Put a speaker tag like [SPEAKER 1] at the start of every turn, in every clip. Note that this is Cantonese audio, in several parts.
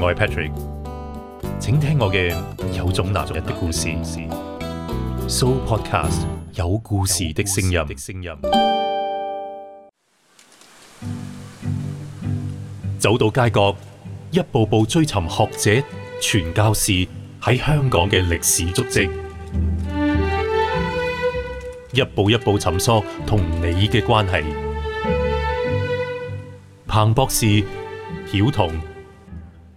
[SPEAKER 1] 我係 Patrick，請聽我嘅有種男人的故事。So Podcast 有故事的聲音。的聲音走到街角，一步步追尋學者、傳教士喺香港嘅歷史足跡，一步一步尋索同你嘅關係。彭博士，曉彤。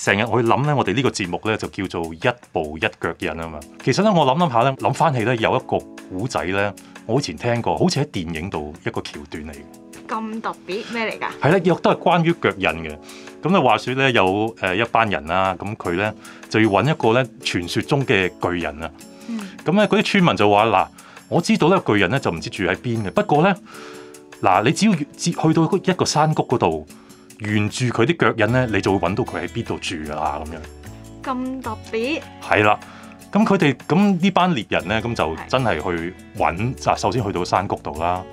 [SPEAKER 1] 成日我去諗咧，我哋呢個節目咧就叫做一步一腳印啊嘛。其實咧，我諗諗下咧，諗翻起咧有一個古仔咧，我以前聽過，好似喺電影度一個橋段嚟
[SPEAKER 2] 嘅。咁特別咩嚟㗎？
[SPEAKER 1] 係啦，亦都係關於腳印嘅。咁啊，話説咧有誒、呃、一班人啦，咁佢咧就要揾一個咧傳說中嘅巨人啊。咁咧嗰啲村民就話：嗱，我知道呢個巨人咧就唔知住喺邊嘅。不過咧，嗱你只要去到一個山谷嗰度。沿住佢啲腳印咧，你就會揾到佢喺邊度住啦咁樣。
[SPEAKER 2] 咁特別？
[SPEAKER 1] 係啦，咁佢哋咁呢班獵人咧，咁就真係去揾。嗱，首先去到山谷度啦。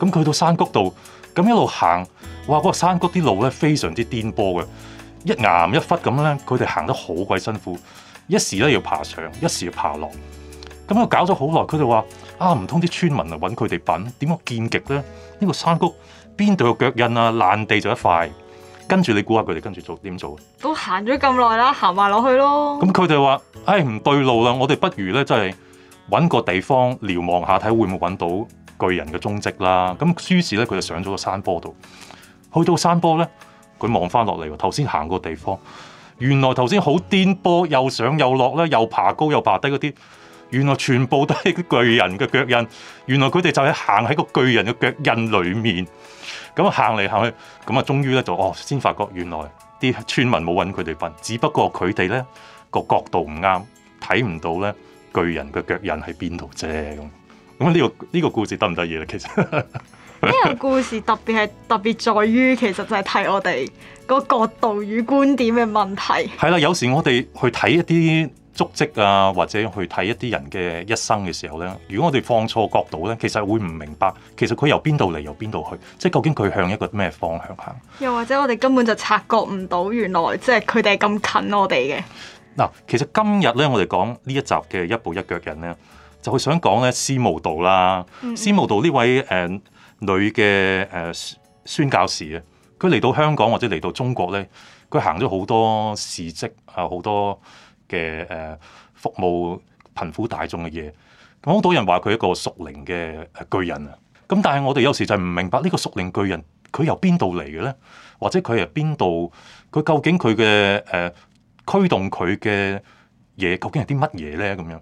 [SPEAKER 1] 咁佢去到山谷度，咁一路行，哇！嗰個山谷啲路咧非常之顛簸嘅，一岩一忽咁咧，佢哋行得好鬼辛苦。一時咧要爬牆，一時要爬落。咁啊搞咗好耐，佢哋話：啊唔通啲村民嚟揾佢哋品？點解見極咧？呢個山谷邊度有腳印啊？爛地就一塊。跟住你估下佢哋跟住做點做？
[SPEAKER 2] 都行咗咁耐啦，行埋落去咯。
[SPEAKER 1] 咁佢哋話：唉、哎，唔對路啦，我哋不如咧，即係揾個地方瞭望下，睇會唔會揾到巨人嘅蹤跡啦。咁於是咧，佢就上咗個山坡度。去到山坡咧，佢望翻落嚟，頭先行個地方，原來頭先好顛簸，又上又落咧，又爬高又爬低嗰啲，原來全部都係巨人嘅腳印。原來佢哋就係行喺個巨人嘅腳印裡面。咁行嚟行去，咁、嗯、啊，終於咧就哦，先發覺原來啲村民冇揾佢哋瞓，只不過佢哋咧個角度唔啱，睇唔到咧巨人嘅腳印喺邊度啫。咁咁呢個呢、這個故事得唔得意咧？其實呢 個
[SPEAKER 2] 故事特別係特別在於，其實就係睇我哋個角度與觀點嘅問題。
[SPEAKER 1] 係 啦，有時我哋去睇一啲足跡啊，或者去睇一啲人嘅一生嘅時候呢，如果我哋放錯角度呢，其實會唔明白其實佢由邊度嚟，由邊度去，即係究竟佢向一個咩方向行？
[SPEAKER 2] 又或者我哋根本就察覺唔到，原來即係佢哋係咁近我哋嘅
[SPEAKER 1] 嗱。其實今日呢，我哋講呢一集嘅一步一腳印呢，就係想講呢司務道啦。司務、嗯、道呢位誒、呃、女嘅誒、呃、宣教士啊，佢嚟到香港或者嚟到中國呢，佢行咗好多事蹟啊，好、呃、多。嘅誒服務貧苦大眾嘅嘢，咁好多人都話佢一個屬靈嘅巨人啊！咁但係我哋有時就唔明白呢個屬靈巨人佢由邊度嚟嘅咧？或者佢係邊度？佢究竟佢嘅誒驅動佢嘅嘢究竟係啲乜嘢咧？咁樣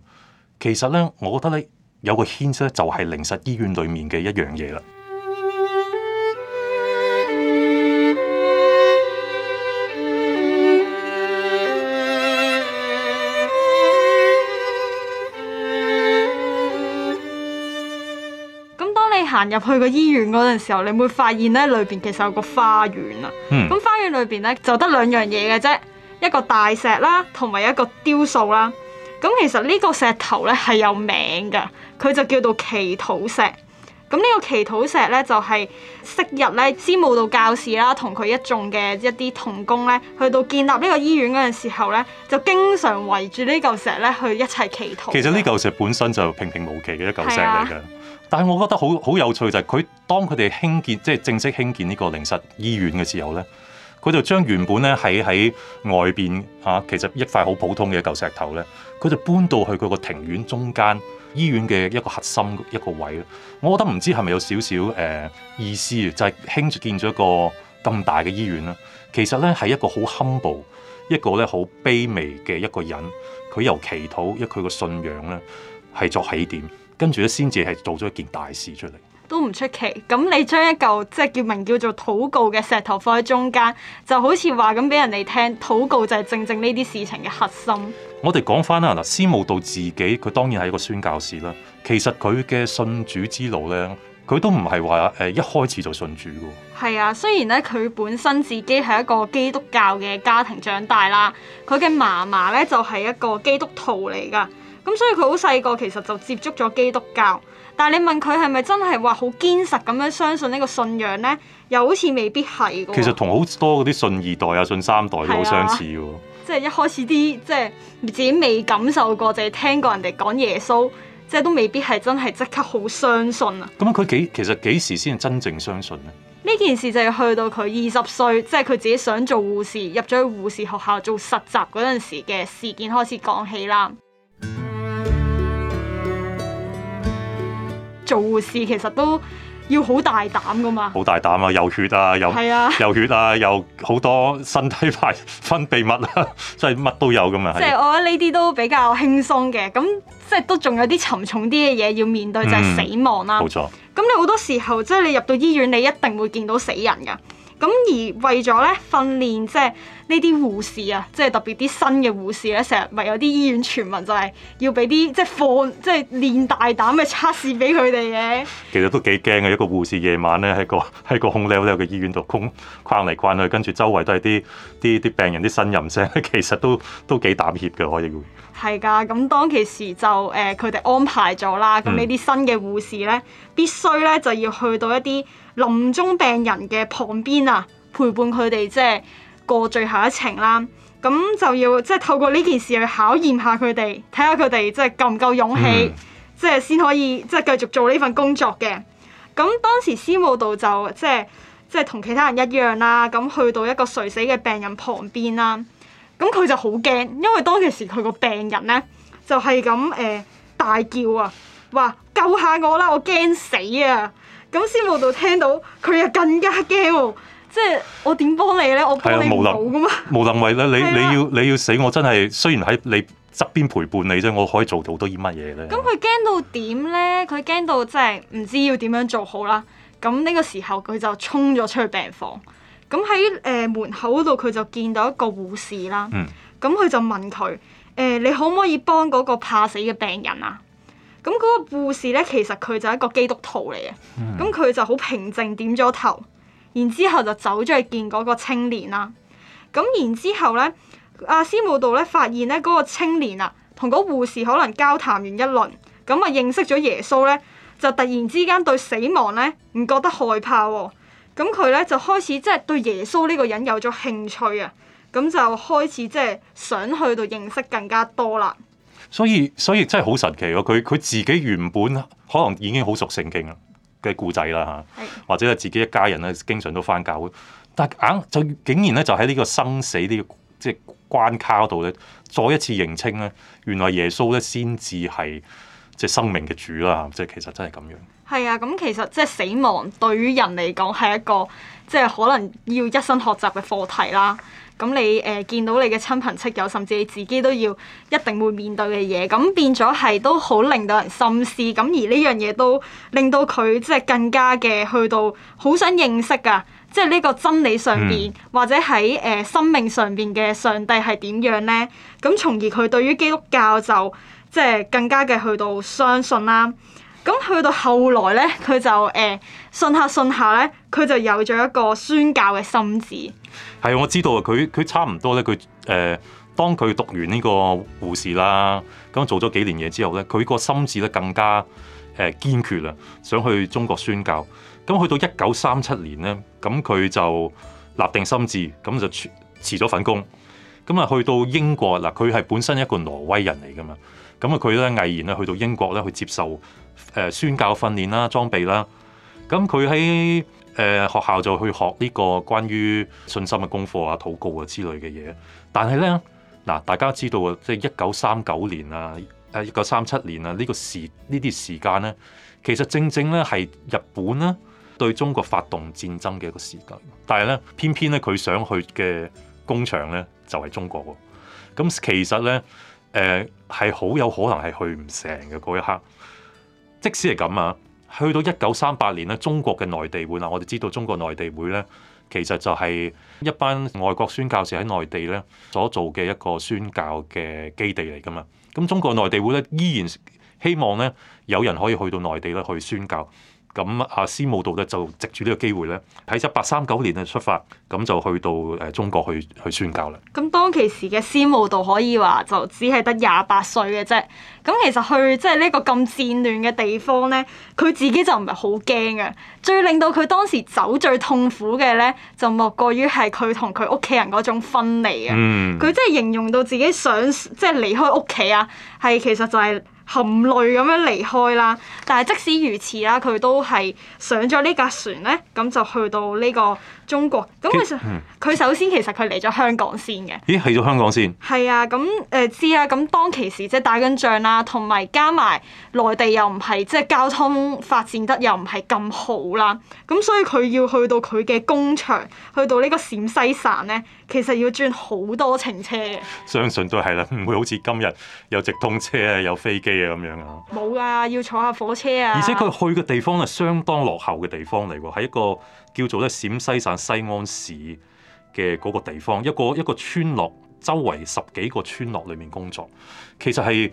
[SPEAKER 1] 其實咧，我覺得咧有個 hint 咧就係靈實醫院裡面嘅一樣嘢啦。
[SPEAKER 2] 行入去個醫院嗰陣時候，你會發現咧裏邊其實有個花園啦。咁、嗯、花園裏邊咧就得兩樣嘢嘅啫，一個大石啦，同埋一個雕塑啦。咁其實呢個石頭咧係有名噶，佢就叫做祈禱石。咁呢個祈禱石咧就係、是、昔日咧司務道教士啦同佢一眾嘅一啲同工咧，去到建立呢個醫院嗰陣時候咧，就經常圍住呢嚿石咧去一齊祈禱。其實呢
[SPEAKER 1] 嚿石本身就平平無奇嘅一嚿石嚟嘅。但係我覺得好好有趣，就係佢當佢哋興建即係、就是，正式興建呢個靈實醫院嘅時候咧，佢就將原本咧喺喺外邊嚇、啊，其實一塊好普通嘅舊石頭咧，佢就搬到去佢個庭院中間，醫院嘅一個核心一個位。我覺得唔知係咪有少少誒意思，就係、是，興建咗一個咁大嘅醫院啦。其實咧係一個好 humble，一個咧好卑微嘅一個人，佢由祈禱，因為佢個信仰咧係作起點。跟住咧，先至係做咗一件大事出嚟，
[SPEAKER 2] 都唔出奇。咁你將一嚿即係叫名叫做禱告嘅石頭放喺中間，就好似話咁俾人哋聽，禱告就係正正呢啲事情嘅核心。
[SPEAKER 1] 我哋講翻啦，嗱，施慕道自己佢當然係一個宣教士啦。其實佢嘅信主之路咧，佢都唔係話誒一開始就信主嘅。
[SPEAKER 2] 係啊，雖然咧佢本身自己係一個基督教嘅家庭長大啦，佢嘅嫲嫲咧就係、是、一個基督徒嚟噶。咁所以佢好細個，其實就接觸咗基督教。但係你問佢係咪真係話好堅實咁樣相信呢個信仰呢？又好似未必係。其實
[SPEAKER 1] 同好多嗰啲信二代啊、信三代都好相似嘅。
[SPEAKER 2] 即係一開始啲即係自己未感受過，就係聽過人哋講耶穌，即係都未必係真係即刻好相信啊。
[SPEAKER 1] 咁佢幾其實幾時先真正相信呢？
[SPEAKER 2] 呢件事就係去到佢二十歲，即係佢自己想做護士，入咗去護士學校做實習嗰陣時嘅事件開始講起啦。做護士其實都要好大膽㗎嘛，
[SPEAKER 1] 好大膽啊！有血啊，有啊，有血啊，有好多身體排分泌物啊，即係乜都有㗎嘛。即係
[SPEAKER 2] 我覺得呢啲都比較輕鬆嘅，咁即係都仲有啲沉重啲嘅嘢要面對，就係、是、死亡啦、啊。冇、嗯、錯。咁你好多時候即係、就是、你入到醫院，你一定會見到死人㗎。咁而為咗咧訓練，即係。呢啲護士啊，即係特別啲新嘅護士咧、啊，成日咪有啲醫院傳聞就係要俾啲即係放即係練大膽嘅測試俾佢哋嘅。
[SPEAKER 1] 其實都幾驚嘅，一個護士夜晚咧喺個喺個空溜溜嘅醫院度，空逛嚟逛去，跟住周圍都係啲啲啲病人啲呻吟聲，其實都都幾膽怯嘅，我認為。
[SPEAKER 2] 係噶，咁當其時就誒，佢、呃、哋安排咗啦。咁呢啲新嘅護士咧，嗯、必須咧就要去到一啲臨終病人嘅旁邊啊，陪伴佢哋即係。過最後一程啦，咁就要即係透過呢件事去考驗下佢哋，睇下佢哋即係夠唔夠勇氣，即係先可以即係繼續做呢份工作嘅。咁當時司務道就即係即係同其他人一樣啦，咁去到一個垂死嘅病人旁邊啦，咁佢就好驚，因為當其時佢個病人咧就係咁誒大叫啊，話救下我啦，我驚死啊！咁司務道聽到佢就更加驚喎、哦。即係我點幫你咧？我幫你，無能
[SPEAKER 1] 無能為咧。你 吧你要你要死我，我真係雖然喺你側邊陪伴你啫，我可以做到好多啲乜嘢咧。咁
[SPEAKER 2] 佢驚到點咧？佢驚到即係唔知要點樣做好啦。咁呢個時候佢就衝咗出去病房。咁喺誒門口度，佢就見到一個護士啦。咁佢就問佢：誒、呃，你可唔可以幫嗰個怕死嘅病人啊？咁嗰個護士咧，其實佢就係一個基督徒嚟嘅。咁佢就好平靜點咗頭。然之後就走咗去見嗰個青年啦。咁然之後咧，阿施慕道咧發現咧嗰、那個青年啊，同嗰護士可能交談完一輪，咁、嗯、啊認識咗耶穌咧，就突然之間對死亡咧唔覺得害怕喎、哦。咁佢咧就開始即係對耶穌呢個人有咗興趣啊。咁、嗯、就開始即係想去到認識更加多啦。
[SPEAKER 1] 所以所以真係好神奇喎、哦！佢佢自己原本可能已經好熟聖經啦。嘅故仔啦嚇，或者咧自己一家人咧，經常都翻教會，但係硬就竟然咧，就喺呢個生死呢個即係關卡度咧，再一次認清咧，原來耶穌咧先至係即係生命嘅主啦，即係其實真係咁樣。
[SPEAKER 2] 係啊，咁、嗯、其實即係死亡對於人嚟講係一個即係、就是、可能要一生學習嘅課題啦。咁你誒、呃、見到你嘅親朋戚友，甚至你自己都要一定會面對嘅嘢，咁變咗係都好令到人深思。咁而呢樣嘢都令到佢即係更加嘅去到好想認識㗎，即係呢個真理上邊，嗯、或者喺誒、呃、生命上邊嘅上帝係點樣咧？咁從而佢對於基督教就即係更加嘅去到相信啦。咁去到後來咧，佢就誒信、呃、下信下咧，佢就有咗一個宣教嘅心志。
[SPEAKER 1] 係，我知道啊！佢佢差唔多咧，佢誒、呃、當佢讀完呢個護士啦，咁、嗯、做咗幾年嘢之後咧，佢個心智咧更加誒、呃、堅決啦，想去中國宣教。咁去到一九三七年咧，咁佢就立定心智，咁、嗯、就辭咗份工。咁啊，去到英國嗱，佢、呃、係本身一個挪威人嚟噶嘛，咁啊佢咧毅然咧去到英國咧去接受誒、呃、宣教訓練啦、裝備啦。咁佢喺誒學校就去學呢個關於信心嘅功課啊、禱告啊之類嘅嘢。但係呢，嗱大家知道啊，即係一九三九年啊，誒一九三七年啊，呢個時呢啲時間呢，其實正正呢係日本呢對中國發動戰爭嘅一個時間。但係呢，偏偏呢，佢想去嘅工場呢，就係中國喎。咁其實呢，誒係好有可能係去唔成嘅嗰一刻。即使係咁啊！去到一九三八年咧，中國嘅內地會啦，我哋知道中國內地會咧，其實就係一班外國宣教士喺內地咧所做嘅一個宣教嘅基地嚟㗎嘛。咁中國內地會咧依然希望咧有人可以去到內地咧去宣教。咁阿師慕道咧就藉住呢個機會咧，喺一八三九年啊出發，咁就去到誒中國去去宣教啦。
[SPEAKER 2] 咁當其時嘅師慕道可以話就只係得廿八歲嘅啫。咁其實去即係呢個咁戰亂嘅地方咧，佢自己就唔係好驚嘅。最令到佢當時走最痛苦嘅咧，就莫過於係佢同佢屋企人嗰種分離啊。佢即係形容到自己想即係、就是、離開屋企啊，係其實就係、是。含淚咁樣離開啦，但係即使如此啦，佢都係上咗呢架船咧，咁就去到呢個中國。咁佢首佢首先其實佢嚟咗香港先嘅。咦，
[SPEAKER 1] 去咗香港先？
[SPEAKER 2] 係啊，咁誒、呃、知啊，咁當其時即係打緊仗啦，同埋加埋內地又唔係即係交通發展得又唔係咁好啦，咁所以佢要去到佢嘅工場，去到個呢個陝西省咧。其實要轉好多程車，
[SPEAKER 1] 相信都係啦，唔會好似今日有直通車啊，有飛機啊咁樣啊。
[SPEAKER 2] 冇啊，要坐下火車啊。而且佢
[SPEAKER 1] 去嘅地方係相當落後嘅地方嚟喎，係一個叫做咧陝西省西安市嘅嗰個地方，一個一個村落周圍十幾個村落裏面工作，其實係。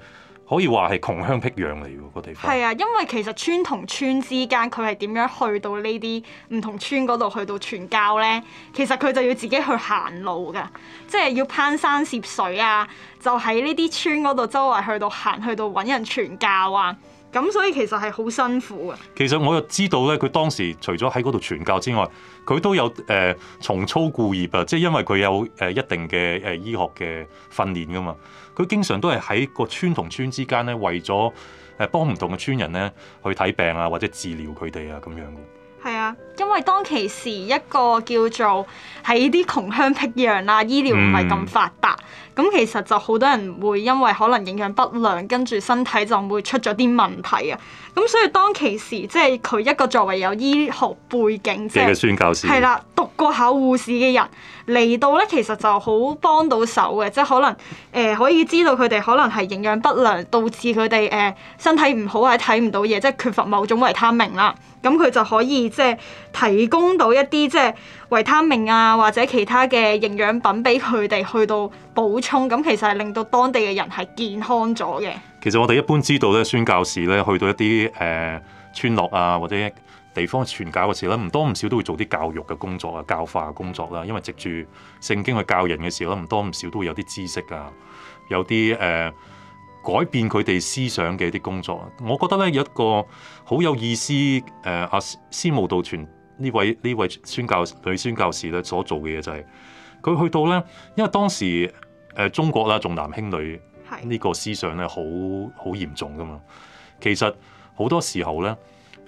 [SPEAKER 1] 可以話係窮鄉僻壤嚟㗎個地方。
[SPEAKER 2] 係啊，因為其實村同村之間佢係點樣去到呢啲唔同村嗰度去到傳教咧？其實佢就要自己去行路㗎，即係要攀山涉水啊！就喺呢啲村嗰度周圍去到行，去到揾人傳教啊！咁所以其實係好辛苦啊。
[SPEAKER 1] 其實我又知道咧，佢當時除咗喺嗰度傳教之外，佢都有誒重、呃、操故業啊。即係因為佢有誒、呃、一定嘅誒、呃、醫學嘅訓練㗎嘛，佢經常都係喺個村同村之間咧，為咗誒幫唔同嘅村人咧去睇病啊，或者治療佢哋啊咁樣。
[SPEAKER 2] 係啊，因為當其時一個叫做喺啲窮鄉僻壤啦、啊，醫療唔係咁發達，咁、嗯、其實就好多人會因為可能營養不良，跟住身體就會出咗啲問題啊。咁所以當其時，即係佢一個作為有醫學背景嘅宣教師，係啦，讀過考護士嘅人嚟到咧，其實就好幫到手嘅，即係可能誒、呃、可以知道佢哋可能係營養不良導致佢哋誒身體唔好或者睇唔到嘢，即係缺乏某種維他命啦。咁佢就可以即係提供到一啲即係維他命啊或者其他嘅營養品俾佢哋去到補充。咁其實係令到當地嘅人係健康咗嘅。
[SPEAKER 1] 其實我哋一般知道咧，宣教士咧去到一啲誒、呃、村落啊或者地方傳教嘅時候咧，唔多唔少都會做啲教育嘅工作啊、教化嘅工作啦。因為藉住聖經去教人嘅時候咧，唔多唔少都會有啲知識啊，有啲誒、呃、改變佢哋思想嘅一啲工作。我覺得咧有一個好有意思誒，阿司務道傳呢位呢位，位宣教女宣教士咧所做嘅嘢就係、是、佢去到咧，因為當時誒、呃、中國啦重男輕女。呢個思想咧，好好嚴重㗎嘛。其實好多時候咧，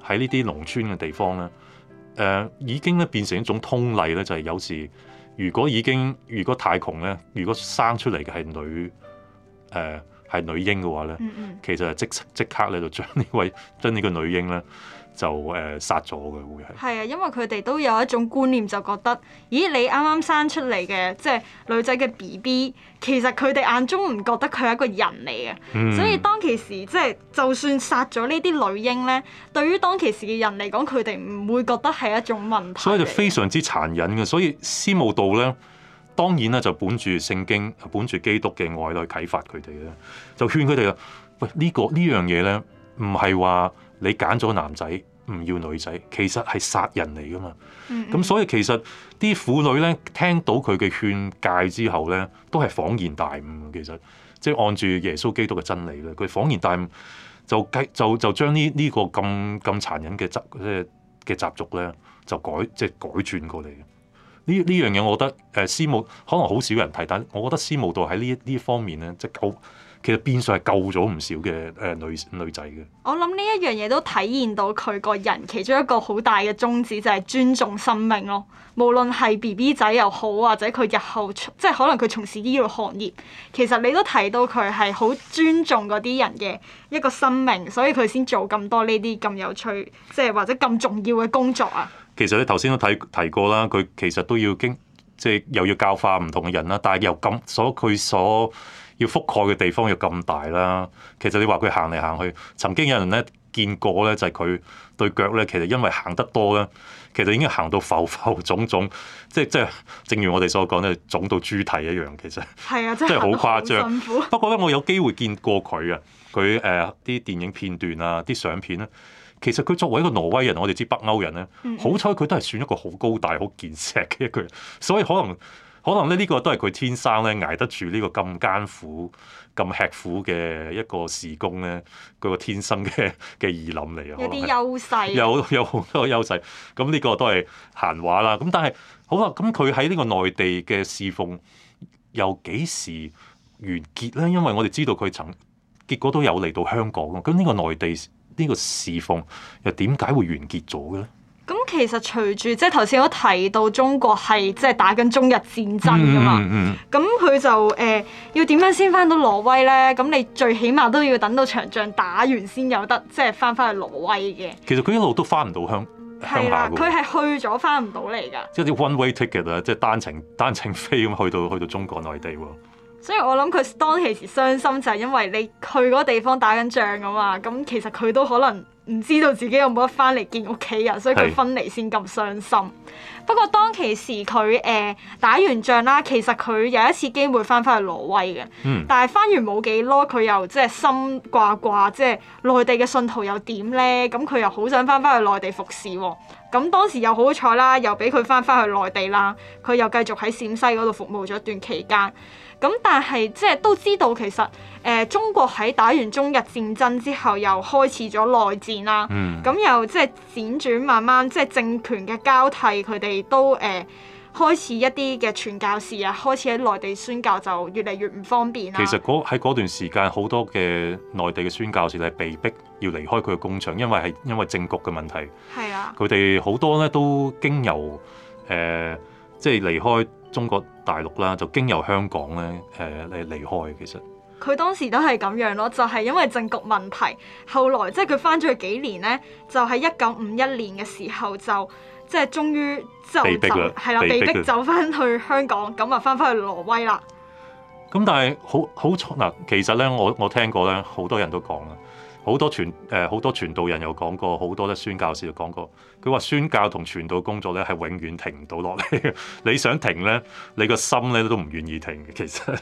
[SPEAKER 1] 喺呢啲農村嘅地方咧，誒、呃、已經咧變成一種通例咧，就係、是、有時如果已經如果太窮咧，如果生出嚟嘅係女，誒、呃、係女嬰嘅話咧，嗯嗯。其實係即即刻咧就將呢位將呢個女嬰咧。就誒、呃、殺咗嘅會
[SPEAKER 2] 係，係啊，因為佢哋都有一種觀念，就覺得，咦，你啱啱生出嚟嘅，即係女仔嘅 B B，其實佢哋眼中唔覺得佢係一個人嚟嘅，嗯、所以當其時即係就算殺咗呢啲女嬰咧，對於當其時嘅人嚟講，佢哋唔會覺得係一種問題，所以就非
[SPEAKER 1] 常之殘忍嘅。所以司務道咧，當然咧就本住聖經、本住基督嘅愛嚟啟發佢哋咧，就勸佢哋啊，喂、這個、呢個呢樣嘢咧，唔係話。你揀咗男仔唔要女仔，其實係殺人嚟噶嘛？咁、mm hmm. 所以其實啲婦女咧聽到佢嘅勸戒之後咧，都係恍然，然大悟。其實即係按住耶穌基督嘅真理咧，佢恍然大悟就計就就將呢呢、呢個咁咁殘忍嘅習嘅嘅習俗咧，就改即係、即係、改轉過嚟。呢呢樣嘢我覺得誒私募可能好少人提，但係我覺得私募度喺呢呢方面咧，即係夠。其實變相係救咗唔少嘅誒女女仔嘅。
[SPEAKER 2] 我諗呢一樣嘢都體現到佢個人其中一個好大嘅宗旨，就係尊重生命咯。無論係 BB 仔又好，或者佢日後即係可能佢從事醫療行業，其實你都提到佢係好尊重嗰啲人嘅一個生命，所以佢先做咁多呢啲咁有趣，即係或者咁重要嘅工作啊。
[SPEAKER 1] 其實你頭先都提提過啦，佢其實都要經即係又要教化唔同嘅人啦，但係又咁所佢所。要覆蓋嘅地方又咁大啦，其實你話佢行嚟行去，曾經有人咧見過咧，就係、是、佢對腳咧，其實因為行得多咧，其實已經行到浮浮腫腫，腫，即係即係正，正如我哋所講咧，腫到豬蹄一樣，其實、
[SPEAKER 3] 啊、即係好誇張。
[SPEAKER 1] 不過咧，我有機會見過佢啊，佢誒啲電影片段啊，啲相片咧、啊，其實佢作為一個挪威人，我哋知北歐人咧，嗯嗯好彩佢都係算一個好高大、好健碩嘅一個人，所以可能。可能咧呢個都係佢天生咧捱得住呢個咁艱苦、咁吃苦嘅一個侍工咧，佢個天生嘅嘅意諗嚟啊！有啲優勢，有有好多個優勢。咁呢個都係閒話啦。咁但係好啊，咁佢喺呢個內地嘅侍奉又幾時完結咧？因為我哋知道佢曾結果都有嚟到香港咯。咁呢個內地呢、呢個侍奉又點解會完結咗嘅咧？
[SPEAKER 2] 其實隨住即係頭先我提到中國係即係打緊中日戰爭噶嘛，咁佢、嗯嗯嗯、就誒、呃、要點樣先翻到挪威咧？咁你最起碼都要等到場仗打完先有得即係翻翻去挪威嘅。
[SPEAKER 1] 其實佢一路都翻唔到鄉，係嘅，鄉下嘅，佢係
[SPEAKER 2] 去咗翻唔到嚟㗎。即
[SPEAKER 1] 係啲 one way ticket 啊，即係單程單程飛，咁去到去到中國內地喎。
[SPEAKER 2] 所以我諗佢當其時傷心就係因為你去嗰地方打緊仗啊嘛，咁其實佢都可能。唔知道自己有冇得翻嚟見屋企人，所以佢分離先咁傷心。是不過當其時佢誒、呃、打完仗啦，其實佢有一次機會翻返去挪威嘅，嗯、但係翻完冇幾耐，佢又即係心掛掛，即係內地嘅信徒又點咧？咁佢又好想翻返去內地服侍喎、哦。咁當時又好彩啦，又俾佢翻返去內地啦，佢又繼續喺陝西嗰度服務咗一段期間。咁但係即係都知道其實誒、呃、中國喺打完中日戰爭之後又開始咗內戰啦，咁、嗯、又即係輾轉慢慢即係、就是、政權嘅交替，佢哋都誒、呃、開始一啲嘅傳教士啊，開始喺內地宣教就越嚟越唔方便啦。其實
[SPEAKER 1] 喺嗰段時間好多嘅內地嘅宣教士係被逼要離開佢嘅工場，因為係因為政局嘅問題。
[SPEAKER 3] 係啊，佢
[SPEAKER 1] 哋好多咧都經由誒、呃、即係離開中國。大陸啦，就經由香港咧，誒、呃、嚟離開。其實
[SPEAKER 2] 佢當時都係咁樣咯，就係、是、因為政局問題。後來即係佢返咗去幾年咧，就喺一九五一年嘅時候就，就即係終於就走，係啦，被迫走返去香港，咁啊返返去挪威啦。
[SPEAKER 1] 咁、嗯、但係好好嗱，其實咧，我我聽過咧，好多人都講啊。好多傳、誒、呃、好多傳道人又講過，好多啲宣教士又講過，佢話宣教同傳道工作咧，係永遠停唔到落嚟。 你想停咧，你個心咧都唔願意停嘅。其實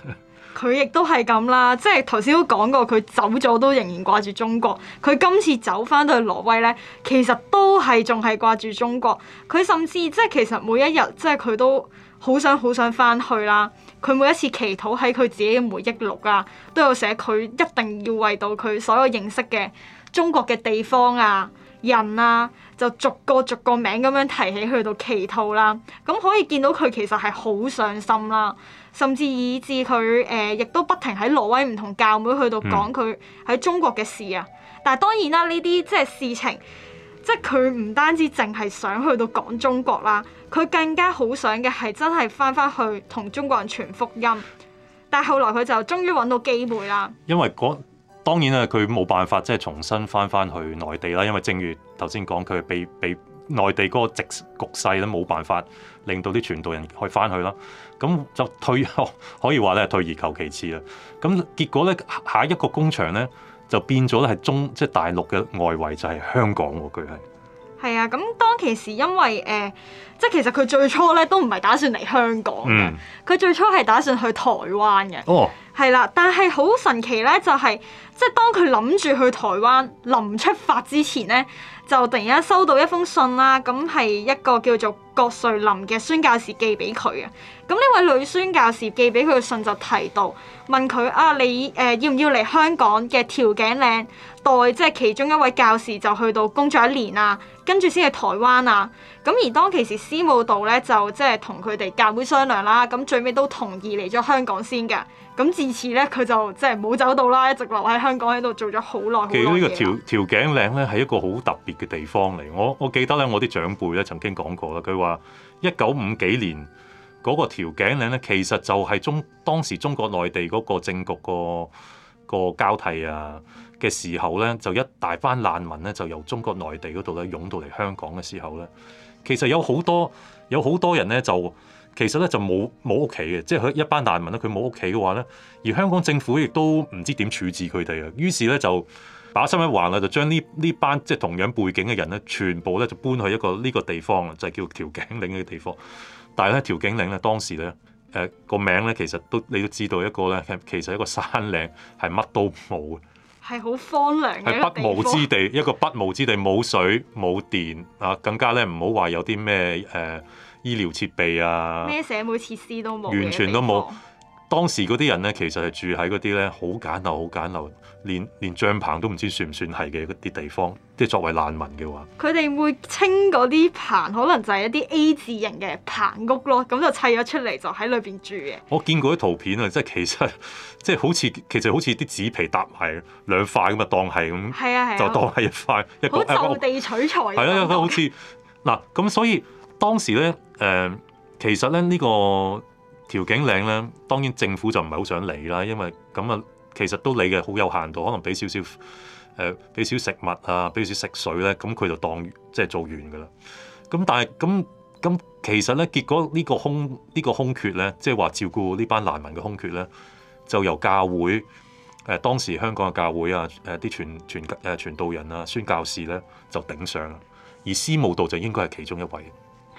[SPEAKER 2] 佢亦都係咁啦，即係頭先都講過，佢走咗都仍然掛住中國。佢今次走翻到去挪威咧，其實都係仲係掛住中國。佢甚至即係其實每一日即係佢都好想好想翻去啦。佢每一次祈禱喺佢自己嘅回憶錄啊，都有寫佢一定要為到佢所有認識嘅中國嘅地方啊、人啊，就逐個逐個名咁樣提起去到祈禱啦。咁、嗯、可以見到佢其實係好上心啦，甚至以致佢誒、呃、亦都不停喺挪威唔同教會去到講佢喺中國嘅事啊。但係當然啦、啊，呢啲即係事情。即係佢唔單止淨係想去到講中國啦，佢更加好想嘅係真係翻翻去同中國人傳福音。但係後來佢就終於揾到機會啦。
[SPEAKER 1] 因為嗰當然咧，佢冇辦法即係重新翻翻去內地啦。因為正如頭先講，佢被被內地嗰個直局勢咧冇辦法令到啲傳道人去翻去啦。咁就退學，可以話咧退而求其次啦。咁結果咧，下一個工場咧。就變咗咧，係中即係大陸嘅外圍就係香港喎，佢係。
[SPEAKER 2] 係啊，咁、啊、當其時因為誒、呃，即係其實佢最初咧都唔係打算嚟香港嘅，佢、嗯、最初係打算去台灣嘅。哦，係啦、啊，但係好神奇咧，就係、是、即係當佢諗住去台灣，臨出發之前咧。就突然間收到一封信啦，咁係一個叫做郭瑞林嘅宣教士寄俾佢嘅。咁呢位女宣教士寄俾佢嘅信就提到，問佢啊，你誒、呃、要唔要嚟香港嘅調景嶺？代即係其中一位教士就去到工作一年啊，跟住先去台灣啊。咁而當其時務度呢，司務道咧就即係同佢哋教會商量啦。咁最尾都同意嚟咗香港先嘅。咁自此咧，佢就即係冇走到啦，一直留喺香港喺度做咗好耐。其實呢個條
[SPEAKER 1] 調景嶺咧係一個好特別嘅地方嚟。我我記得咧，我啲長輩咧曾經講過啦。佢話一九五幾年嗰、那個調景嶺咧，其實就係中當時中國內地嗰個政局個、那個交替啊。嘅時候呢，就一大班難民呢，就由中國內地嗰度呢，湧到嚟香港嘅時候呢。其實有好多有好多人呢，就其實呢，就冇冇屋企嘅，即係佢一班難民咧，佢冇屋企嘅話呢，而香港政府亦都唔知點處置佢哋啊。於是呢，就把心一橫啦，就將呢呢班即係、就是、同樣背景嘅人呢，全部呢，就搬去一個呢個地方就係叫調景嶺嘅地方。但係呢調景嶺呢，當時呢誒、呃、個名呢，其實都你都知道一個呢，其實一個山嶺係乜都冇，係
[SPEAKER 2] 好荒涼嘅一個地方，不毛之地，
[SPEAKER 1] 一個不毛之地，冇水冇電啊，更加咧唔好話有啲咩誒醫療設備啊，咩
[SPEAKER 2] 社會設施都冇，完全
[SPEAKER 1] 都冇。當時嗰啲人咧，其實係住喺嗰啲咧好簡陋、好簡陋。連連帳篷都唔知算唔算係嘅嗰啲地方，即係作為難民嘅話，
[SPEAKER 2] 佢哋會清嗰啲棚，可能就係一啲 A 字型嘅棚屋咯，咁就砌咗出嚟就喺裏邊住嘅。
[SPEAKER 1] 我見過啲圖片啊，即係其實即係好似其實好似啲紙皮搭埋兩塊咁啊，當係咁。係啊係就當係一塊好就地
[SPEAKER 2] 取材啊！係啊，
[SPEAKER 1] 好似嗱咁，所以當時咧，誒、嗯、其實咧呢、呢個條景嶺咧，當然政府就唔係好想理啦，因為咁啊。其實都你嘅好有限度，可能俾少、呃、少誒，俾少食物啊，俾少食水咧，咁佢就當即係做完噶啦。咁但係咁咁，其實咧結果呢個空呢、呢個空缺咧，即係話照顧呢班難民嘅空缺咧，就由教會誒、呃、當時香港嘅教會啊，誒啲傳傳誒傳道人啊、宣教士咧就頂上，而司務道就應該係其中一位。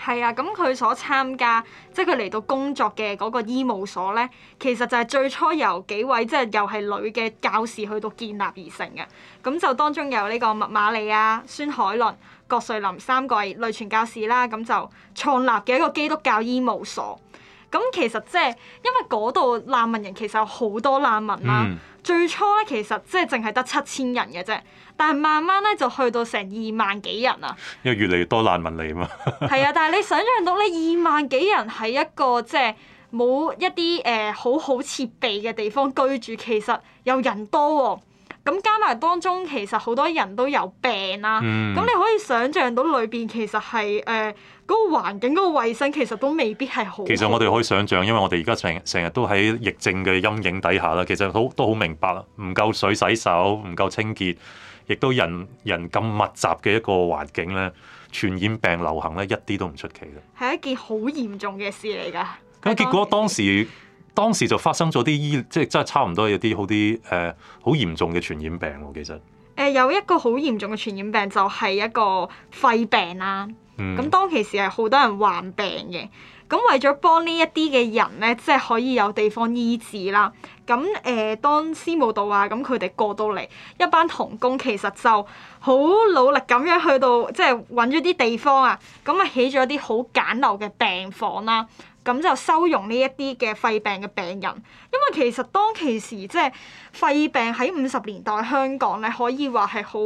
[SPEAKER 2] 係啊，咁佢所參加，即係佢嚟到工作嘅嗰個醫務所咧，其實就係最初由幾位即係、就是、又係女嘅教士去到建立而成嘅。咁就當中有呢個麥瑪利亞、孫海倫、郭瑞林三個係女傳教士啦，咁就創立嘅一個基督教醫務所。咁其實即係因為嗰度難民營其實有好多難民啦、啊。嗯、最初咧其實即係淨係得七千人嘅啫，但係慢慢咧就去到成二萬幾人啊。因
[SPEAKER 1] 為越嚟越多難民嚟啊嘛 。
[SPEAKER 2] 係啊，但係你想象到咧，二萬幾人喺一個即係冇一啲誒、呃、好好設備嘅地方居住，其實又人多喎、啊。咁加埋當中其實好多人都有病啦、啊。咁、嗯、你可以想象到裏邊其實係誒。呃嗰個環境、嗰、那個衞生其實都未必係好。其實我哋可
[SPEAKER 1] 以想像，因為我哋而家成成日都喺疫症嘅陰影底下啦。其實都都好明白啦，唔夠水洗手，唔夠清潔，亦都人人咁密集嘅一個環境咧，傳染病流行咧一啲都唔出奇嘅。
[SPEAKER 2] 係一件好嚴重嘅事嚟㗎。咁、嗯、結果當
[SPEAKER 1] 時當時就發生咗啲醫，即係真係差唔多有啲好啲誒好嚴重嘅傳染病喎。其實
[SPEAKER 2] 誒、呃、有一個好嚴重嘅傳染病就係、是、一個肺病啦、啊。咁、嗯、當其時係好多人患病嘅，咁為咗幫呢一啲嘅人咧，即係可以有地方醫治啦。咁誒、呃，當司務道啊，咁佢哋過到嚟，一班同工其實就好努力咁樣去到，即係揾咗啲地方啊，咁啊起咗啲好簡陋嘅病房啦，咁就收容呢一啲嘅肺病嘅病人。因為其實當其時即係肺病喺五十年代香港咧，可以話係好。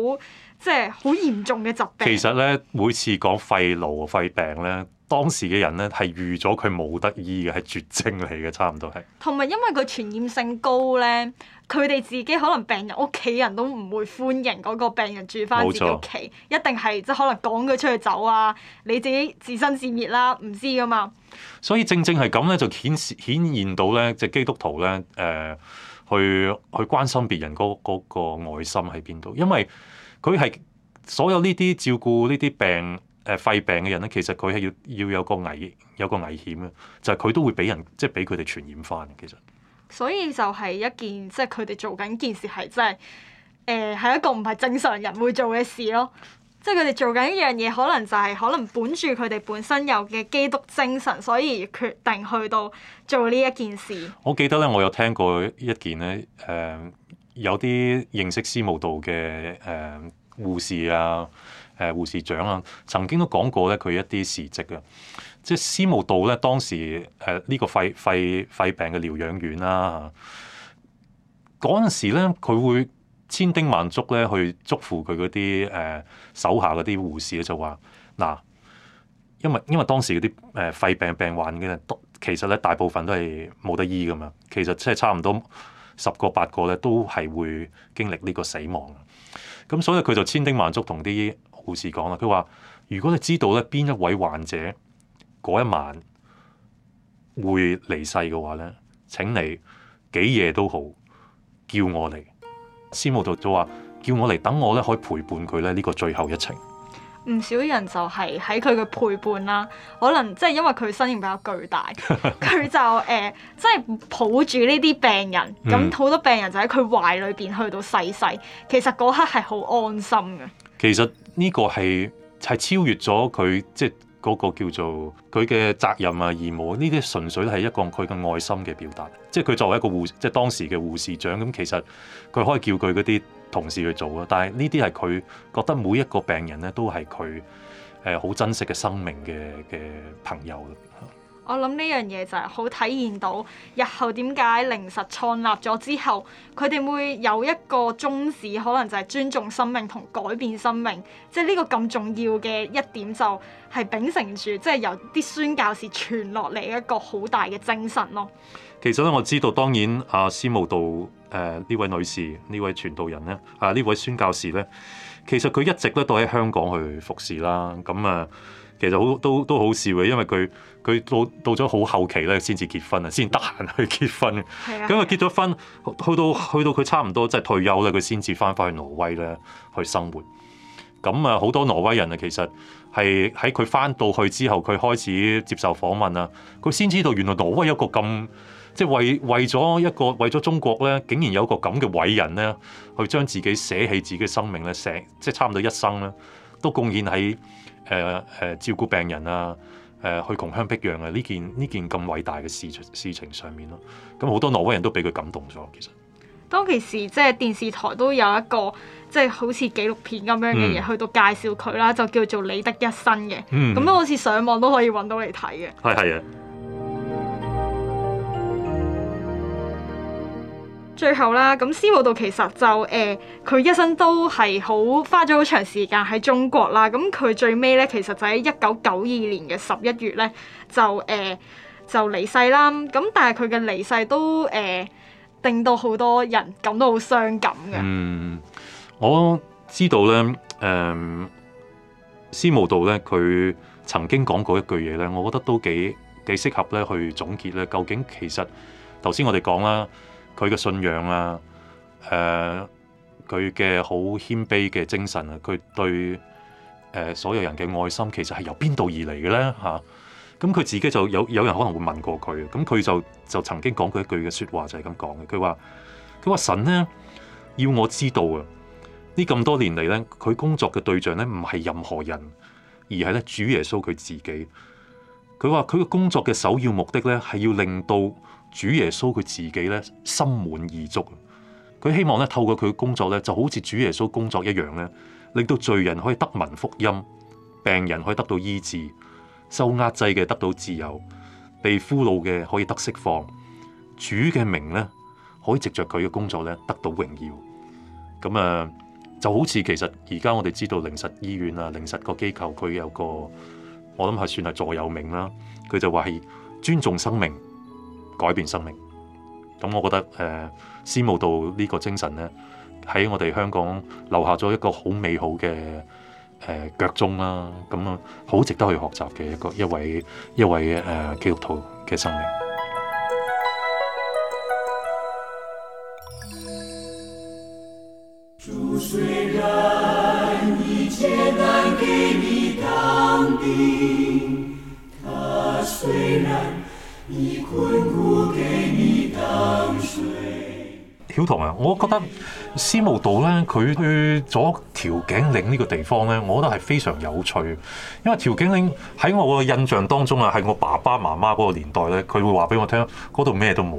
[SPEAKER 2] 即係好嚴重嘅疾病。其實
[SPEAKER 1] 咧，每次講肺癆、肺病咧，當時嘅人咧係預咗佢冇得醫嘅，係絕症嚟嘅，差唔多係。
[SPEAKER 2] 同埋因為佢傳染性高咧，佢哋自己可能病人屋企人都唔會歡迎嗰個病人住翻自己屋企，錯一定係即係可能趕佢出去走啊！你自己自生自滅啦，唔知噶嘛。
[SPEAKER 1] 所以正正係咁咧，就顯示顯現到咧，即係基督徒咧，誒、呃，去去關心別人嗰嗰、那個那個愛心喺邊度，因為。佢係所有呢啲照顧呢啲病誒、呃、肺病嘅人咧，其實佢係要要有個危有個危險嘅，就係、是、佢都會俾人即係俾佢哋傳染返。其實，
[SPEAKER 2] 所以就係一件即係佢哋做緊件事係真係誒係一個唔係正常人會做嘅事咯。即係佢哋做緊一樣嘢，可能就係可能本住佢哋本身有嘅基督精神，所以決定去到做呢一件
[SPEAKER 3] 事。
[SPEAKER 1] 我記得咧，我有聽過一件咧誒。呃有啲認識司務道嘅誒、呃、護士啊、誒、呃、護士長啊，曾經都講過咧佢一啲事蹟啊。即係司務道咧，當時誒呢、呃這個肺肺肺病嘅療養院啦、啊，嗰陣時咧佢會千叮萬囑咧去祝福佢嗰啲誒手下嗰啲護士咧，就話嗱，因為因為當時嗰啲誒肺病病患嘅，其實咧大部分都係冇得醫㗎嘛，其實即係差唔多。十個八個咧，都係會經歷呢個死亡。咁、嗯、所以佢就千叮萬囑同啲護士講啦。佢話：如果你知道咧邊一位患者嗰一晚會離世嘅話咧，請你幾夜都好叫我嚟。師母就就話：叫我嚟，等我咧可以陪伴佢咧呢、呢個最後一程。
[SPEAKER 2] 唔少人就係喺佢嘅陪伴啦，可能即係因為佢身形比較巨大，佢 就誒即係抱住呢啲病人，咁好 多病人就喺佢懷裏邊去到逝世，其實嗰刻係好安心嘅。
[SPEAKER 1] 其實呢個係係超越咗佢即係嗰個叫做佢嘅責任啊義務啊，呢啲純粹係一個佢嘅愛心嘅表達，即係佢作為一個護即係、就是、當時嘅護士長，咁其實佢可以叫佢嗰啲同事去做咯，但係呢啲係佢覺得每一個病人咧都係佢誒好珍惜嘅生命嘅嘅朋友。
[SPEAKER 2] 我諗呢樣嘢就係好體現到日後點解靈實創立咗之後，佢哋會有一個宗旨，可能就係尊重生命同改變生命，即係呢個咁重要嘅一點就係秉承住即係由啲宣教士傳落嚟一個好大嘅精神咯。
[SPEAKER 1] 其實咧，我知道當然阿司慕道誒呢、呃、位女士，呢位傳道人咧，啊呢位宣教士咧，其實佢一直都喺香港去服侍啦。咁啊，其實好都都好事嘅，因為佢佢到到咗好後期咧，先至結婚啊，先得閒去結婚。咁啊結咗婚、啊去，去到去到佢差唔多即係退休啦，佢先至翻返去挪威咧去生活。咁啊好多挪威人啊，其實係喺佢翻到去之後，佢開始接受訪問啊，佢先知道原來挪威一個咁。即係為為咗一個為咗中國咧，竟然有個咁嘅偉人咧，去將自己捨棄自己生命咧，成即係差唔多一生咧，都貢獻喺誒誒照顧病人啊，誒、呃、去窮鄉僻壤啊呢件呢件咁偉大嘅事事情上面咯。咁、嗯嗯、好多挪威人都俾佢感動咗，其實。
[SPEAKER 2] 當其時即係電視台都有一個即係好似紀錄片咁樣嘅嘢去到介紹佢啦，就叫做你的一生嘅。咁樣好似上網都可以揾到你睇嘅。係係啊。最後啦，咁司慕道其實就誒，佢、呃、一生都係好花咗好長時間喺中國啦。咁佢最尾咧，其實就喺一九九二年嘅十一月咧，就誒、呃、就離世啦。咁但係佢嘅離世都誒、呃，令到好多人感到好傷感嘅。
[SPEAKER 1] 嗯，我知道咧，誒司慕道咧，佢曾經講過一句嘢咧，我覺得都幾幾適合咧去總結咧。究竟其實頭先我哋講啦。佢嘅信仰啊，誒佢嘅好謙卑嘅精神啊，佢對誒、呃、所有人嘅愛心其實係由邊度而嚟嘅咧嚇？咁、啊、佢自己就有，有人可能會問過佢，咁佢就就曾經講過一句嘅説話就係咁講嘅，佢話佢話神咧要我知道啊，呢咁多年嚟咧佢工作嘅對象咧唔係任何人，而係咧主耶穌佢自己。佢話佢嘅工作嘅首要目的咧係要令到。主耶穌佢自己咧心滿意足，佢希望咧透過佢嘅工作咧就好似主耶穌工作一樣咧，令到罪人可以得聞福音，病人可以得到醫治，受壓制嘅得到自由，被俘虜嘅可以得釋放，主嘅名咧可以藉着佢嘅工作咧得到榮耀。咁啊，就好似其實而家我哋知道靈實醫院啊，靈實個機構佢有個我諗係算係座右銘啦，佢就話係尊重生命。改變生命，咁我覺得誒，司務道呢個精神咧，喺我哋香港留下咗一個好美好嘅誒、呃、腳蹤啦、啊，咁啊好值得去學習嘅一個一位一位誒、呃、基督徒嘅生命。曉彤啊，我覺得思慕道咧，佢去咗調景嶺呢個地方咧，我覺得係非常有趣，因為調景嶺喺我個印象當中啊，係我爸爸媽媽嗰個年代咧，佢會話俾我聽，嗰度咩都冇，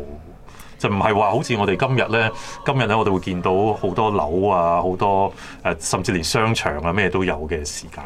[SPEAKER 1] 就唔係話好似我哋今日咧，今日咧我哋會見到好多樓啊，好多誒，甚至連商場啊咩都有嘅時間。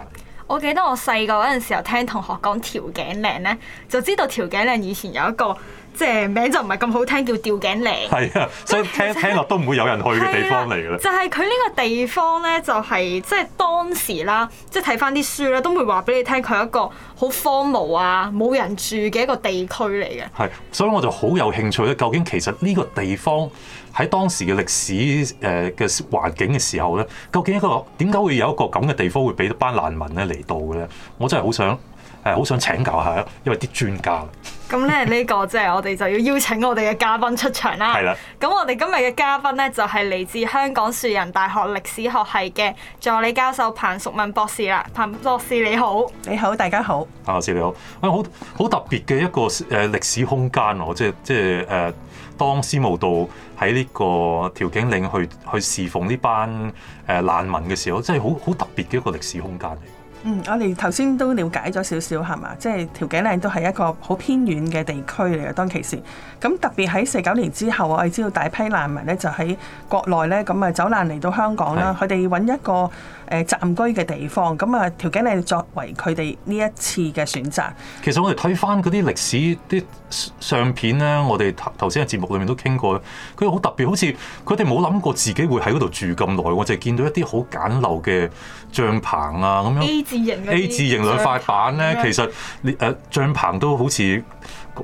[SPEAKER 2] 我記得我細個嗰陣時候聽同學講調景嶺呢，就知道調景嶺以前有一個。即係名就唔係咁好聽，叫吊頸嶺。係
[SPEAKER 1] 啊，所以聽實聽落都唔會有人去嘅地方嚟嘅、啊。就
[SPEAKER 2] 係佢呢個地方咧，就係、是、即係當時啦，即係睇翻啲書啦，都會話俾你聽，佢係一個好荒蕪啊、冇人住嘅一個地區嚟嘅。
[SPEAKER 1] 係，所以我就好有興趣咧，究竟其實呢個地方喺當時嘅歷史誒嘅、呃、環境嘅時候咧，究竟一個點解會有一個咁嘅地方會俾一班難民咧嚟到嘅咧？我真係好想。係好想請教下，因為啲專家
[SPEAKER 2] 咁咧呢個即係我哋就要邀請我哋嘅嘉賓出場啦。係啦的。咁我哋今日嘅嘉賓咧就係、是、嚟自香港樹仁大學歷史學系嘅助理教授彭淑敏博士啦。彭博士你好。你好，大家
[SPEAKER 1] 好。彭博士你好。我好好特別嘅一個誒、呃、歷史空間喎，即係即係誒、呃、當司務道喺呢個調景嶺去去，去侍奉呢班誒、呃、難民嘅時候，真係好好特別嘅一個歷史空間嚟。
[SPEAKER 3] 嗯，我哋頭先都了解咗少少係嘛，即係調景嶺都係一個好偏遠嘅地區嚟嘅，當其時，咁特別喺四九年之後，我哋知道大批難民咧就喺國內咧咁啊走難嚟到香港啦，佢哋揾一個。誒暫居嘅地方，咁啊條件你作為佢哋呢一次嘅
[SPEAKER 1] 選擇。其實我哋睇返嗰啲歷史啲相片咧，我哋頭頭先喺節目裡面都傾過，佢好特別，好似佢哋冇諗過自己會喺嗰度住咁耐。我淨係見到一啲好簡陋嘅帳棚啊，咁樣
[SPEAKER 2] A 字型 A 字型兩塊
[SPEAKER 1] 板咧，篷其實誒帳棚都好似。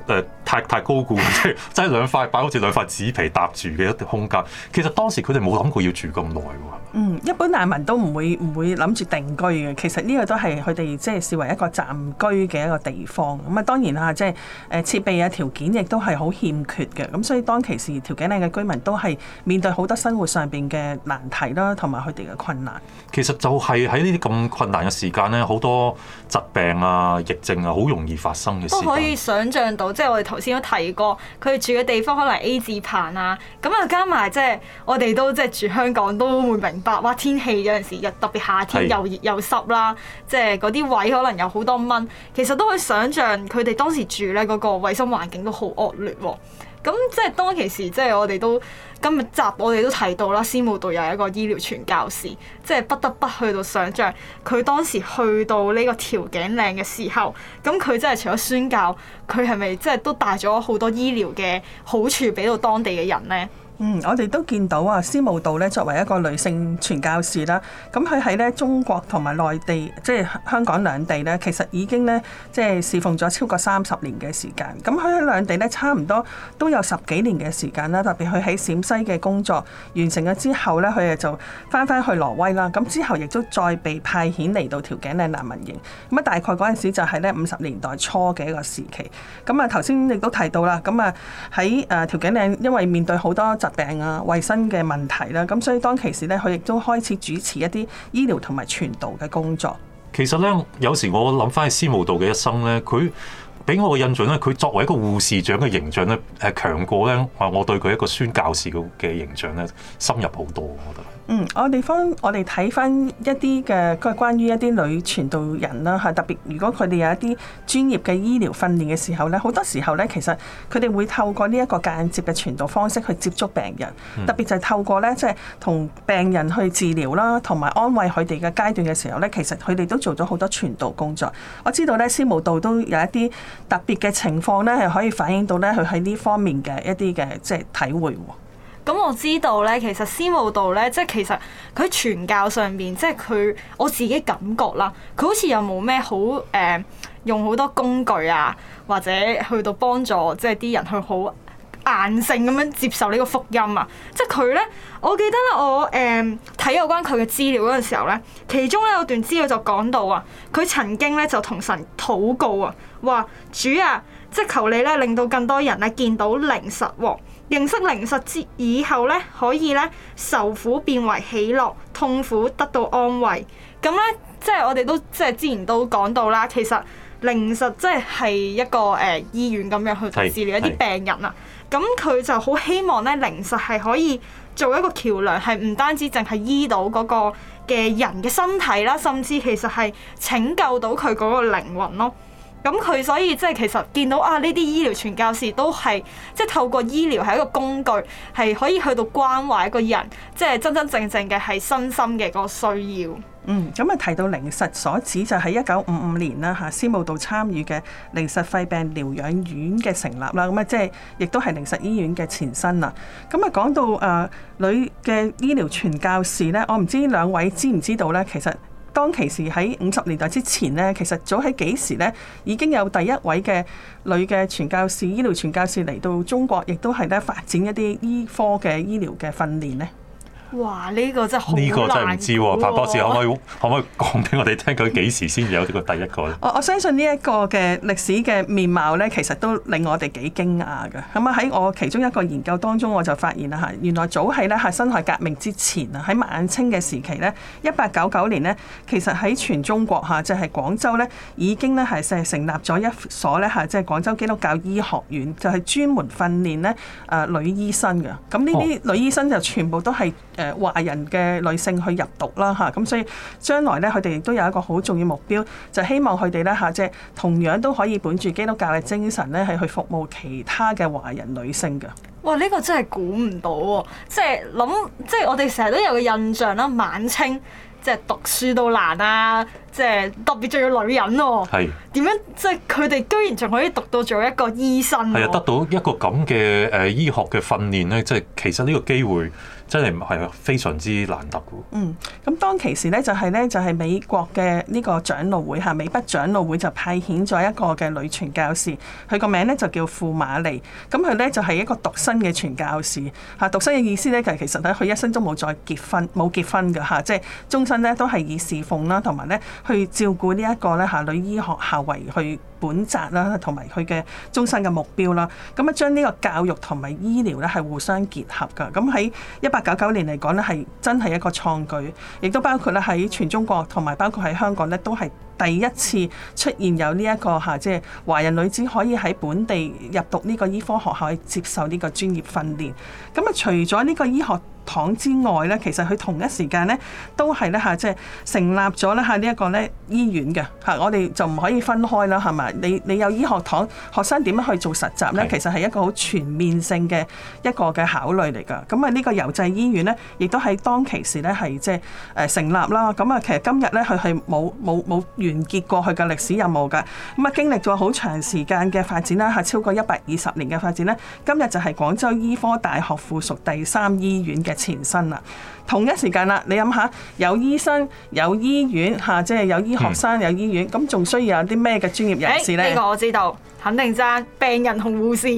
[SPEAKER 1] 誒、呃、太太高估，即係即係兩塊板，好似兩塊紙皮搭住嘅一啲空間。其實當時佢哋冇諗過要住咁耐喎，嗯，
[SPEAKER 3] 一般難民都唔會唔會諗住定居嘅。其實呢個都係佢哋即係視為一個暫居嘅一個地方。咁啊，當然啦，即係誒設備啊、條件亦都係好欠缺嘅。咁所以當其時，調景嶺嘅居民都係面對好多生活上邊嘅難題啦，同埋
[SPEAKER 1] 佢哋嘅困難。其實就係喺呢啲咁困難嘅時間呢，好多疾病啊、疫症啊，好容易發生嘅。事。都可以
[SPEAKER 2] 想象即係我哋頭先都提過，佢哋住嘅地方可能 A 字棚啊，咁啊加埋即係我哋都即係住香港都會明白，哇天氣有陣時又特別夏天又熱又濕啦，是即係嗰啲位可能有好多蚊，其實都可以想像佢哋當時住咧嗰個衞生環境都好惡劣喎、哦。咁即係當其時即，即係我哋都今日集，我哋都提到啦。司務道有一個醫療傳教士，即係不得不去到想像佢當時去到呢個調景嶺嘅時候，咁佢真係除咗宣教，佢係咪即係都帶咗好多醫療嘅好
[SPEAKER 3] 處俾到當地嘅人呢？嗯，我哋都見到啊，司務道咧作為一個女性傳教士啦，咁佢喺咧中國同埋內地，即係香港兩地咧，其實已經咧即係侍奉咗超過三十年嘅時間。咁佢喺兩地咧差唔多都有十幾年嘅時間啦。特別佢喺陝西嘅工作完成咗之後咧，佢誒就返返去挪威啦。咁之後亦都再被派遣嚟到調景嶺難民營。咁啊，大概嗰陣時就係咧五十年代初嘅一個時期。咁啊，頭先亦都提到啦，咁啊喺誒調景嶺，因為面對好多病啊，衛生嘅問題啦，啊，咁所以當其時咧，佢亦都開始主持一啲醫療同埋傳道嘅工作。
[SPEAKER 1] 其實咧，有時我諗翻去司務道嘅一生咧，佢。俾我個印象咧，佢作為一個護士長嘅形象咧，係強過咧。我對佢一個宣教士嘅形象咧，深入好多。我覺得
[SPEAKER 3] 嗯，我地方我哋睇返一啲嘅，佢關於一啲女傳道人啦，係特別如果佢哋有一啲專業嘅醫療訓練嘅時候咧，好多時候咧，其實佢哋會透過呢一個間接嘅傳道方式去接觸病人，嗯、特別就係透過咧，即係同病人去治療啦，同埋安慰佢哋嘅階段嘅時候咧，其實佢哋都做咗好多傳道工作。我知道咧，師母度都有一啲。特別嘅情況咧，係可以反映到咧，佢喺呢方面嘅一啲嘅即係體會
[SPEAKER 2] 咁、嗯、我知道咧，其實師母度咧，即係其實佢喺傳教上面，即係佢我自己感覺啦，佢好似又冇咩好誒、呃，用好多工具啊，或者去到幫助即係啲人去好。硬性咁樣接受呢個福音啊！即係佢咧，我記得咧，我誒睇有關佢嘅資料嗰陣時候咧，其中咧有一段資料就講到啊，佢曾經咧就同神禱告啊，話主啊，即係求你咧令到更多人咧見到靈實、哦，認識靈實之以後咧可以咧受苦變為喜樂，痛苦得到安慰。咁咧即係我哋都即係之前都講到啦，其實靈實即係係一個誒、呃、醫院咁樣去治療一啲病人啊。咁佢就好希望咧，靈實係可以做一個橋梁，係唔單止淨係醫到嗰個嘅人嘅身體啦，甚至其實係拯救到佢嗰個靈魂咯。咁佢所以即係其實見到啊，呢啲醫療傳教士都係即係透過醫療係一個工具，係可以去到關懷一個人，即係真真正正嘅係身心嘅嗰個需要。
[SPEAKER 3] 嗯，咁、嗯、啊提到靈實所指就係一九五五年啦嚇、啊，司務道參與嘅靈實肺病療養院嘅成立啦，咁啊、嗯、即係亦都係靈實醫院嘅前身啦。咁啊講、嗯、到啊、呃、女嘅醫療傳教士咧，我唔知兩位知唔知道咧，其實當其時喺五十年代之前咧，其實早喺幾時咧已經有第一位嘅女嘅傳教士醫療傳教士嚟到中國，亦都係咧發展一啲醫科嘅醫療嘅訓練咧？哇！呢個真係好難，呢個真係唔知喎。白博士可唔可以可
[SPEAKER 1] 唔可以講俾我哋聽？佢幾時先有呢個第一個咧？
[SPEAKER 3] 我相信呢一個嘅歷史嘅面貌呢，其實都令我哋幾驚訝嘅。咁啊喺我其中一個研究當中，我就發現啦嚇，原來早喺咧嚇辛亥革命之前啊，喺晚清嘅時期呢，一八九九年呢，其實喺全中國嚇，即係廣州呢，已經呢係成成立咗一所呢，嚇，即係廣州基督教醫學院，就係專門訓練呢誒女醫生嘅。咁呢啲女醫生就全部都係。誒華人嘅女性去入讀啦嚇，咁、啊、所以將來咧，佢哋亦都有一個好重要目標，就是、希望佢哋咧嚇即係同樣都可以本住基督教嘅精神咧，係去服務其他嘅華人女性嘅。
[SPEAKER 2] 哇！呢、呢個真係估唔到喎、啊！即係諗，即係我哋成日都有個印象啦、啊，晚清即係讀書都難啊！即係特別仲要女人喎、啊。係點是樣？即係佢哋居然仲可以讀到做一個醫生、啊？係啊，得
[SPEAKER 1] 到一個咁嘅誒醫學嘅訓練咧，即係其實呢個機會，真係唔係非常之難得嘅。嗯，
[SPEAKER 3] 咁當其時咧，就係、是、咧，就係、是、美國嘅呢個長老會嚇，美北長老會就派遣咗一個嘅女傳教士，佢個名咧就叫富馬利。咁佢咧就係、是、一個獨身嘅傳教士嚇，獨、啊、身嘅意思咧就係其實咧佢一生都冇再結婚，冇結婚嘅嚇、啊，即係終身咧都係以侍奉啦，同埋咧去照顧呢一個咧嚇女醫學校為去。本質啦，同埋佢嘅終身嘅目標啦，咁啊將呢個教育同埋醫療咧係互相結合噶。咁喺一八九九年嚟講咧，係真係一個創舉，亦都包括咧喺全中國同埋包括喺香港咧，都係第一次出現有呢、這、一個嚇，即係華人女子可以喺本地入讀呢個醫科學校去接受呢個專業訓練。咁啊，除咗呢個醫學堂之外咧，其實佢同一時間咧都係咧吓，即係成立咗咧吓呢一個咧醫院嘅吓，我哋就唔可以分開啦，係咪？你你有醫學堂學生點樣去做實習咧？其實係一個好全面性嘅一個嘅考慮嚟噶。咁啊，呢個柔濟醫院咧，亦都係當其時咧係即係誒成立啦。咁啊，其實今日咧佢係冇冇冇完結過去嘅歷史任務噶。咁啊，經歷咗好長時間嘅發展啦，吓超過一百二十年嘅發展咧。今日就係廣州醫科大學附屬第三醫院嘅。前身啦。同一時間啦，你諗下，有醫生有醫院嚇、啊，即係有醫學生有醫院，咁仲需要有啲咩嘅專業人士呢？呢、欸呢個我
[SPEAKER 2] 知道，肯定爭病人同護士。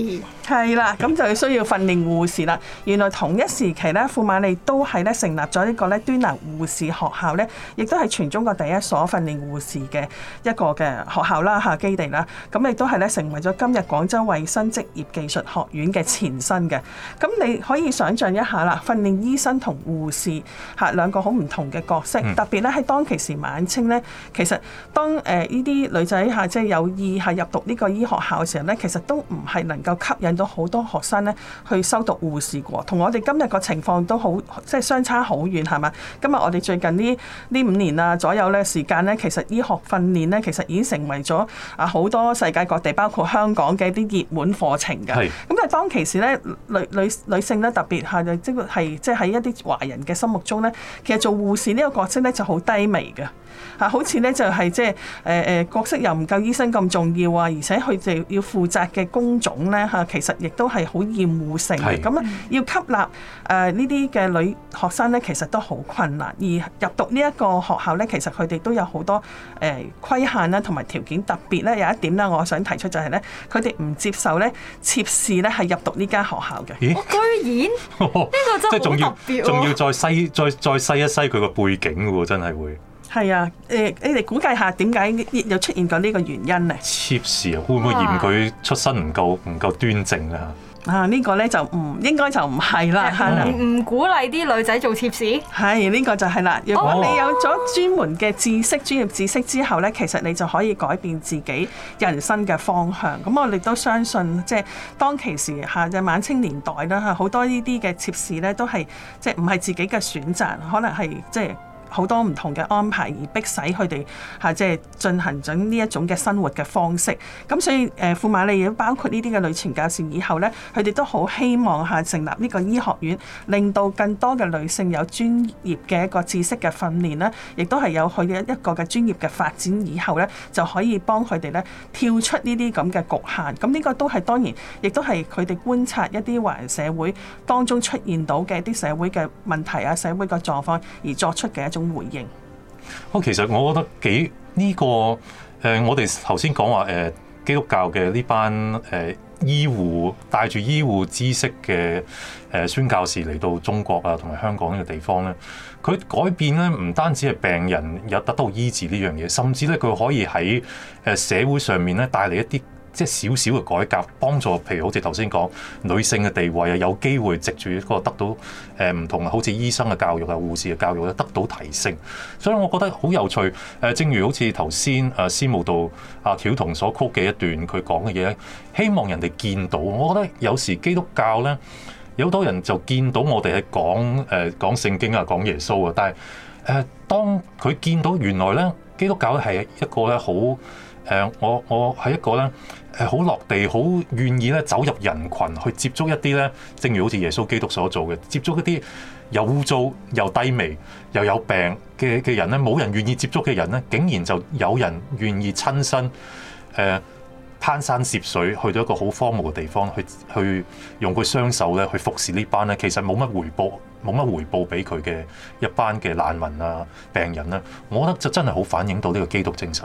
[SPEAKER 2] 係啦 ，
[SPEAKER 3] 咁就需要訓練護士啦。原來同一時期咧，富馬利都係咧成立咗一個咧端南護士學校咧，亦都係全中國第一所訓練護士嘅一個嘅學校啦嚇基地啦。咁亦都係咧成為咗今日廣州衛生職業技術學院嘅前身嘅。咁你可以想象一下啦，訓練醫生同護士。是嚇兩個好唔同嘅角色，特別咧喺當其時晚清咧，其實當誒呢啲女仔嚇即係有意係入讀呢個醫學校嘅時候咧，其實都唔係能夠吸引到好多學生咧去修讀護士過，同我哋今日個情況都好即係相差好遠係嘛？今日我哋最近呢呢五年啊左右咧時間咧，其實醫學訓練咧其實已經成為咗啊好多世界各地包括香港嘅一啲熱門課程㗎。咁是但係當其時咧女女女性咧特別嚇即係即係喺一啲華人，嘅心目中咧，其實做護士呢個角色咧就好低微嘅。嚇，好似咧就係即係誒誒角色又唔夠醫生咁重要啊，而且佢哋要負責嘅工種咧嚇、啊，其實亦都係好厭惡性嘅。咁啊，要吸納誒呢啲嘅女學生咧，其實都好困難。而入讀呢一個學校咧，其實佢哋都有好多誒、呃、規限啦，同埋條件特別咧。有一點咧，我想提出就係、是、咧，佢哋唔接受咧，妾侍咧係入讀呢間學校嘅。咦、欸哦？居然呢、 哦、個真係好特別，仲要仲要
[SPEAKER 1] 再細再再細一細佢個背景喎，真係會。
[SPEAKER 3] 係啊，誒、呃，你哋估計下點解又出現咗呢個原因
[SPEAKER 1] 呢？妾侍啊，會唔會嫌佢出身唔夠唔夠端正啊？
[SPEAKER 3] 啊，呢、這個呢，就唔應該就唔係啦，嚇、哦！唔唔、啊、鼓勵啲女仔做妾侍。係呢、啊這個就係啦。如果你有咗專門嘅知識、oh. 專業知識之後呢，其實你就可以改變自己人生嘅方向。咁我亦都相信，即係當其時嚇，日、啊、晚清年代啦，好、啊、多呢啲嘅妾侍呢，都係即係唔係自己嘅選擇，可能係即係。好多唔同嘅安排而迫使佢哋吓即係進行緊呢一種嘅生活嘅方式。咁所以誒富馬利亦都包括呢啲嘅女傳教士以後咧，佢哋都好希望吓，成立呢個醫學院，令到更多嘅女性有專業嘅一個知識嘅訓練啦，亦都係有佢嘅一個嘅專業嘅發展。以後咧，就可以幫佢哋咧，跳出呢啲咁嘅局限。咁呢個都係當然，亦都係佢哋觀察一啲華人社會當中出現到嘅一啲社會嘅問題啊，社會嘅狀況而作出嘅一種。回應，
[SPEAKER 1] 我其實我覺得幾呢、這個誒、呃，我哋頭先講話誒，基督教嘅呢班誒、呃、醫護帶住醫護知識嘅誒、呃、宣教士嚟到中國啊，同埋香港呢個地方咧，佢改變咧唔單止係病人有得到醫治呢樣嘢，甚至咧佢可以喺誒社會上面咧帶嚟一啲。即係少少嘅改革，幫助譬如好似頭先講女性嘅地位啊，有機會藉住一個得到誒唔、呃、同，好似醫生嘅教育啊、護士嘅教育咧，得到提升。所以我覺得好有趣。誒、呃，正如好似頭、啊、先誒師母道阿、啊、曉彤所曲嘅一段講，佢講嘅嘢希望人哋見到。我覺得有時基督教呢，有好多人就見到我哋係講誒講聖經啊、講耶穌啊，但係誒、呃、當佢見到原來呢，基督教係一個咧好誒，我我係一個呢。係好落地，好願意咧走入人群去接觸一啲咧，正如好似耶穌基督所做嘅，接觸一啲又污糟又低微又有病嘅嘅人咧，冇人願意接觸嘅人咧，竟然就有人願意親身誒、呃、攀山涉水去到一個好荒蕪嘅地方，去去用佢雙手咧去服侍班呢班咧，其實冇乜回報，冇乜回報俾佢嘅一班嘅難民啊、病人咧，我覺得就真係好反映到呢個基督精神。